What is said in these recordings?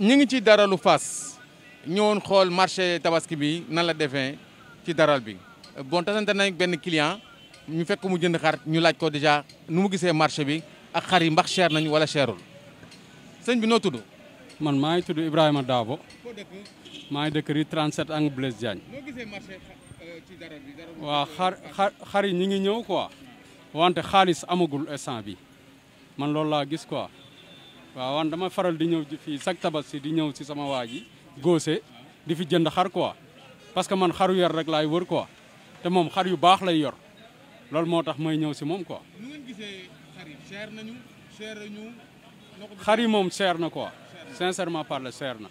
ñu ngi ci daralu fas ñëwoon xool marché tabaski bi nan la defee ci daral bi bon tasante nañ benn client ñu fekk mu jënd xar ñu laaj ko déjà nu mu gisee marché bi a xar yi mbax cher nañu wala cherul sëñ bi noo tudd. man maa ngi tudd Ibrahima Daabo maa ngi dëkk rue 37 angle Blaise Diagne euh, waaw xar xar xar yi ñu ngi ñëw quoi wante xaalis amagul instant bi man loolu laa gis quoi. waaw wan dama faral di ñëw fii chaque tabaski di ñëw si sama waa ji góose di fi jënd xar quoi parce que man xaru yar rek laay wër quoi te moom xar yu baax lay yor loolu moo tax may ñëw si moom quoi. nu xar yi cher nañu cher nañu. xar yi moom cher na quoi sincèrement parler cher na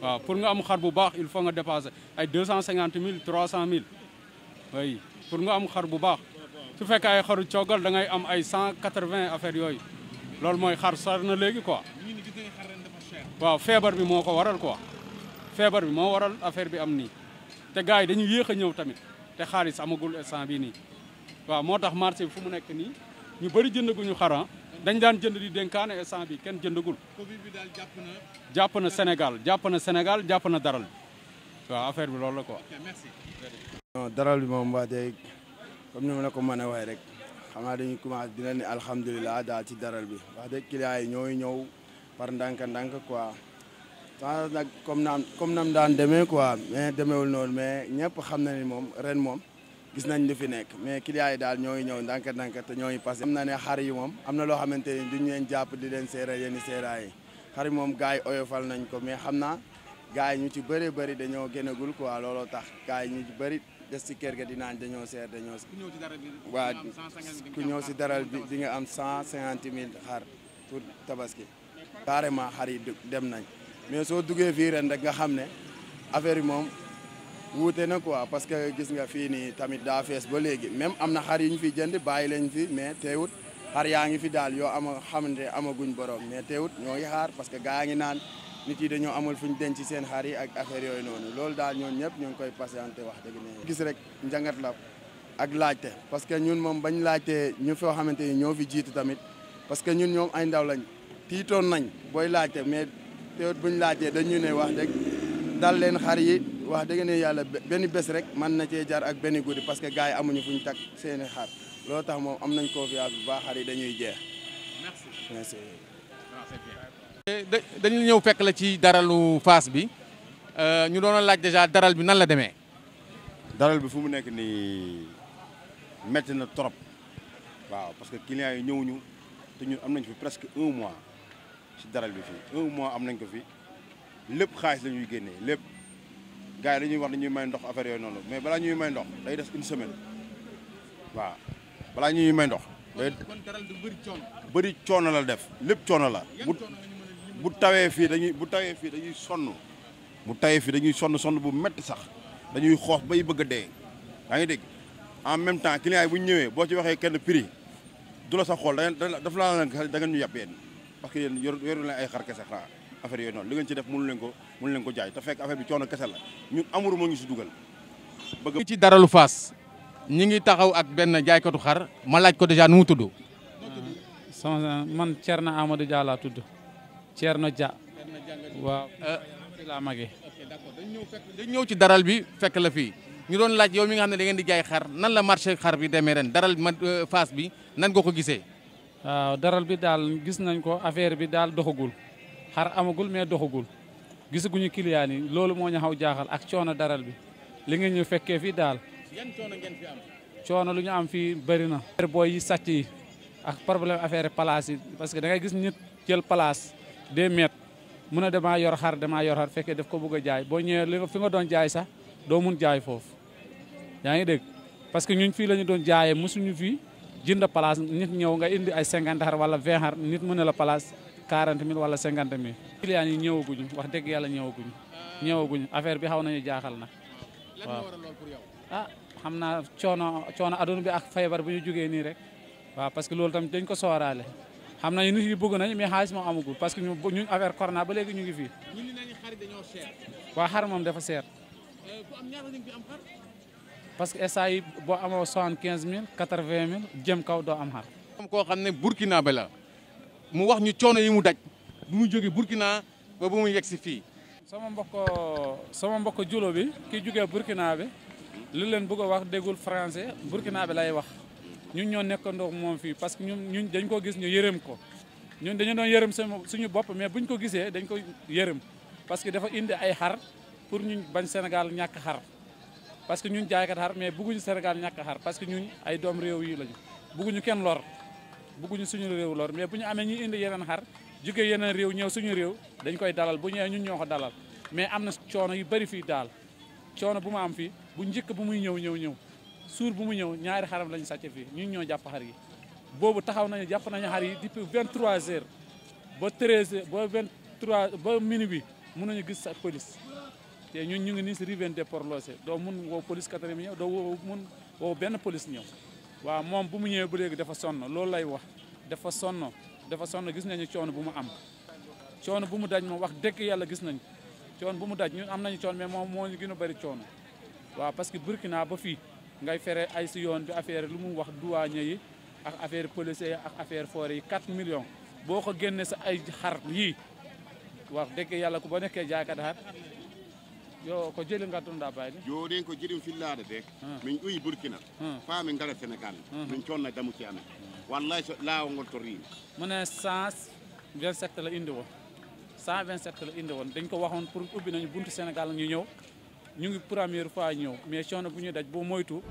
waaw pour nga am xar bu baax il faut nga dépasser ay deux cent cinquante mille trois cent mille oui pour nga am xar bu baax su fekkee ay xaru coogal da ngay am ay cent quatre-vingts affaire yooyu. loolu mooy xar sar na léegi quoi. waaw feebar bi moo ko waral quoi. feebar bi moo waral affaire bi am nii te gars yi dañu yéex a ñëw tamit te xaalis amagul instant bii nii waaw moo tax marché bi fu mu nekk nii ñu bëri jëndaguñu xaran dañ daan jënd di dénkaane instant bi kenn jëndagul. Covid bi daal jàpp na. jàpp na Sénégal jàpp na Sénégal jàpp na daral bi waaw affaire bi loolu la quoi. daral bi moom waa tey comme ni ma la ko mën a waay rek. xam naa dañuy commencé dina ne alhamdulilah daal ci daral bi wax dëgg clients yi ñooy ñëw par ndànk-ndànk quoi sans nag comme naam comme nam daan demee quoi mais demeewul noonu mais ñëpp xam na ni moom ren moom gis nañ li fi nekk mais clients yi daal ñooy ñëw ndànk-ndànk te ñooy passé. am na ne xar yi moom am na loo xamante ni duñ leen jàpp di leen seeral yenn seeraay yi xar yi moom gars yi oyofal nañ ko mais xam naa gars yi ñu ci bëri bëri dañoo génnagul quoi looloo tax gars yi ñu ci bëri. des ci ker ga dinaañ dañoo seer dañoo. waa ku ñëw si daral bi di nga am cent cinquante mille xar pour tabaski. carrément xar yi dem nañ mais soo dugee fii ren rek nga xam ne affaire yi moom wuute na quoi parce que gis nga fii nii tamit daa fees ba léegi même am na xar yu ñu fi jënd bàyyi lañ fi mais teewut xar yaa ngi fi daal yoo ama xamante amaguñ borom mais teewut ñoo ngi xaar parce que gaa ngi naan. nit yi dañoo amul fu ñu denc seen xar yi ak affaire yooyu noonu loolu daal ñoon ñëpp ñoo ngi koy patienté wax dëgg ne gis rek njàngat la ak laajte parce que ñun moom bañ laajtee ñu foo xamante ni ñoo fi jiitu tamit parce que ñun ñoom ay ndaw lañ tiitoon nañ booy laajte mais teewut buñ laajtee dañu ne wax dëgg dal leen xar yi wax dëgg ne yàlla benn bés rek mën na cee jar ak benn guddi parce que gars yi amuñu fuñ takk seeni xar loolu tax moom am nañ koo confiance bu baax xar yi dañuy jeex merci merci Eh, dañu ñëw fekk la ci daralu face bi euh ñu doona laaj déjà daral bi nan la démé daral bi fu mu nekk ni metti na trop waaw parce que client yi ñëwuñu te ñun am nañ fi presque 1 mois ci daral bi fi 1 mois am nañ ko fi lepp xaalis lañuy ñuy lepp lépp gars yi dañuy wax dañuy may ndox affaire yoy noonu mais bala ñuy may ndox day des une semaine waaw bala ñuy may ndox. kon daral du bëri coono. bëri coono la def lepp coono la. bu tawee fii dañuy bu tawee fii dañuy sonn bu tawee fii dañuy sonn sonn bu métti sax dañuy ba bay bëgg a dee yaa ngi dégg en même temps client bu ñu ñëwee boo ci waxee kenn prix du la sa xool da ngeen daf laa da ngeen ñu yàpp yéen parce que yéen yoru leen ay xar kese xanaa affaire noonu li ngeen ci def mënu leen ko mënu leen ko jaay te fekk affaire bi coono kese la ñun amuru moo ñu si dugal. bëgg ci daralu Fass ñi ngi taxaw ak benn jaaykatu xar ma laaj ko dèjà nu mu tudd. sama man Thierno Amadou Dia laa tudd. Thierno Dia waaw laa eh, mage dañ ñëw ci daral bi fekk la fii ñu doon laaj yow mi nga xam ne da ngeen di jaay xar nan la marché xar bi demee ren daral ma eh, phase bi nan nga ko gisee waaw daral bi daal gis nañ ko affaire bi daal doxagul xar amagul mais doxagul gisaguñu client yi loolu moo ñu xaw jaaxal ak coono daral bi li nga ñu fekkee fii daal yan coono fi am lu ñu am fii bëri na booy yi sàcc yi ak problème affaire place parce que da gis nit jël place deux mètres mun a demaa yor xar damaa yor xar fekkee daf ko bëgg jaay boo ñëwee li fi nga doon jaay sax doo mun jaay foofu yaa ngi dégg parce que ñun fii lañu doon jaayee mosuñu fii jënd place nit ñëw nga indi ay cinquante xar wala vingt xar nit mën a la place quarante mille wala cinquante mille clients yi ñëwaguñu wax dëgg yàlla ñëwaguñu ñëwaguñu affaire bi xaw nañu jaaxal na waaw ah xam naa coono coono aduna bi ak feebar bu ñu jógee nii rek waaw parce que loolu tamit dañ ko sooraale xam nañu nit yi bëgg nañ mais xaalis moom amagul parce que ñu ñu affaire corona ba léegi ñu ngi fii. ñu nañu xar dañoo waa xar moom dafa cher. Euh, ku am parce que SA yi boo amoo soixante quinze mille quatre vingt mille jëm kaw doo am xar. koo xam ne Burkina ba la mu wax ñu coono yi mu daj bu mu jógee Burkina ba bu mu yegg si fii. sama mbokk sama mbokk julo bi ki jógee Burkina bi li leen bugg a wax déggul français Burkina bi lay wax. ñun ñoo nekkandoo moom fii parce que ñun ñun dañ ko gis ñu yërëm ko ñun dañu doon yërëm suñu bopp mais buñ ko gisee dañ koy yërëm parce que dafa indi ay xar pour ñun bañ Sénégal ñàkk xar parce que ñun jaaykat xar mais bëgguñu Sénégal ñàkk xar parce que ñun ay doom réew yi lañu bëgguñu kenn lor bëgguñu suñu réew lor mais bu ñu amee ñu indi yeneen xar jóge yeneen réew ñëw suñu réew dañ koy dalal bu ñëwee ñu ñoo ko dalal mais am na coono yu bëri fii daal coono bu mu am fii bu njëkk bu muy ñëw ñëw ñëw suur bu mu ñëw ñaari xaram la ñu sàcc fii ñu ñoo jàpp xar yi boobu taxaw nañu jàpp nañu xar yi depuis 23 heures ba 13 heures ba 23 ba minuit bi mënuñu gis sa police te ñun ñu ngi nii si riven de Port Locé doo mun woo police katari mi ñëw doo woo mun woo benn police ñëw waaw moom bu mu ñëwee bu léegi dafa sonn loolu lay wax dafa sonn dafa sonn gis nañu coon bu mu am coono bu mu daj moom wax dëkk yàlla gis nañ coono bu mu daj ñu am nañu coono mais moom moo ñu gën a bëri coono ngay fere ay si yoon bi affaire lu mu wax douane yi ak affaire policier yi ak affaire forêt yi 4 million boo ko génnee sa ay xar yii wax dëgg yàlla ku ba nekkee jaakata har yo ko jeli gaddunoɗa bayde jooɗen ko jiɗin fillade de hmm. min ƴuyi burkina hmm. faami ngara sénégal hmm. min conna damuci amen wallahi so laawol ngol to riimi mune 127 la indi won 127 la indi woon dañ ko waxoon pour ubbi nañu buntu sénégal ñu ñëw ñu ngi premier fois ñëw mais coono bu ñuy daj moytu